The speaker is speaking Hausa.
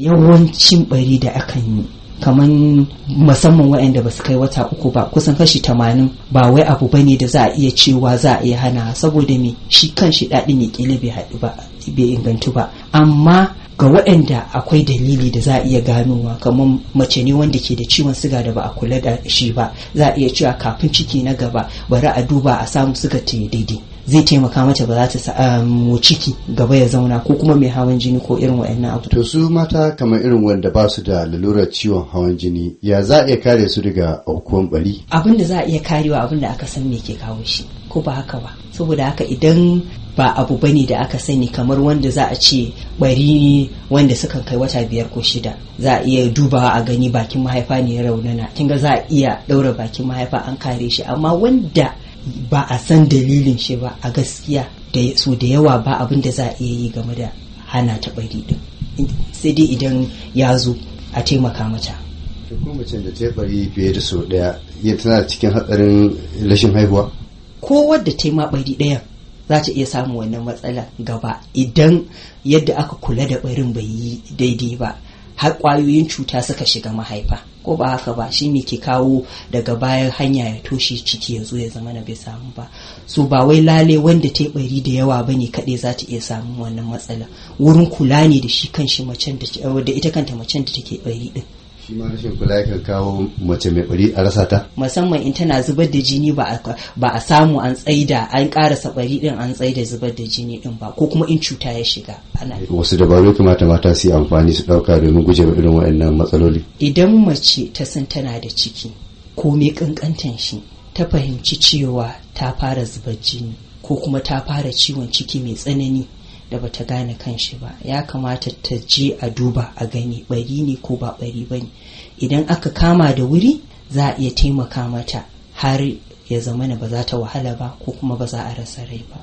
yawancin bari da akan yi kamar musamman waɗanda ba su kai wata uku ba kusan kashi tamanin ba wai abu ba ne da za a iya cewa za a iya hana saboda me shi kan shi daɗin ne ƙila bai haɗu ba bai ingantu ba amma ga waɗanda akwai dalili da za a iya ganowa kamar mace ne wanda ke da ciwon siga da ba a kula da shi ba za a iya cewa kafin ciki na gaba bari a duba a samu siga ta daidai zai taimaka mace ba za ta ah, mu ciki gaba ya zauna ko kuma mai hawan jini ko irin wa'annan abu. To su mata kamar irin wanda ba su da lalurar ciwon hawan jini ya za a iya kare su daga aukuwan bari? Abin da za a iya karewa abin da aka san me ke kawo shi ko ba haka ba. Saboda haka idan ba abu bane da aka sani kamar wanda za a ce bari wanda suka kai wata biyar ko shida za a iya dubawa a gani bakin mahaifa ne ya raunana kinga za a iya ɗaura bakin mahaifa an kare shi amma wanda ba a san dalilin shi ba a gaskiya da su da yawa ba abin da za a iya yi game da hana ta bari din sai dai idan ya zo a taimaka mata ko macen da ta bari fiye da su daya ya tana cikin hatsarin rashin haihuwa ko wadda ta ma bari daya za ta iya samun wannan matsala gaba idan yadda aka kula da barin bai yi daidai ba har kwayoyin cuta suka shiga mahaifa ko ba haka ba shi ne ke kawo daga bayan hanya ya toshe ciki ya zo ya zama na bai samu ba so ba wai lale wanda ta bari da yawa ba ne kaɗai za ta iya samun wannan matsala wurin kula ne da shi kan shi macen da ita kanta macen da take bari din shi ma rashin kula yakan kawo mace mai bari a rasa ta musamman in tana zubar da jini ba a samu an tsaida an karasa bari din an tsaida zubar da jini din ba ko kuma in cuta ya shiga wasu dabaru kamata mata su yi amfani su dauka domin gujewa irin waɗannan matsaloli idan mace ta san tana da ciki ko me kankantan shi ta fahimci cewa ta fara zubar jini ko kuma ta fara ciwon ciki mai tsanani da bata gane kanshi ba ya kamata ta je a duba a gani bari ne ko ba bari ba ne idan aka kama da wuri za a iya taimaka mata har ya zamana ba za ta wahala ba ko kuma ba za a rasa rai ba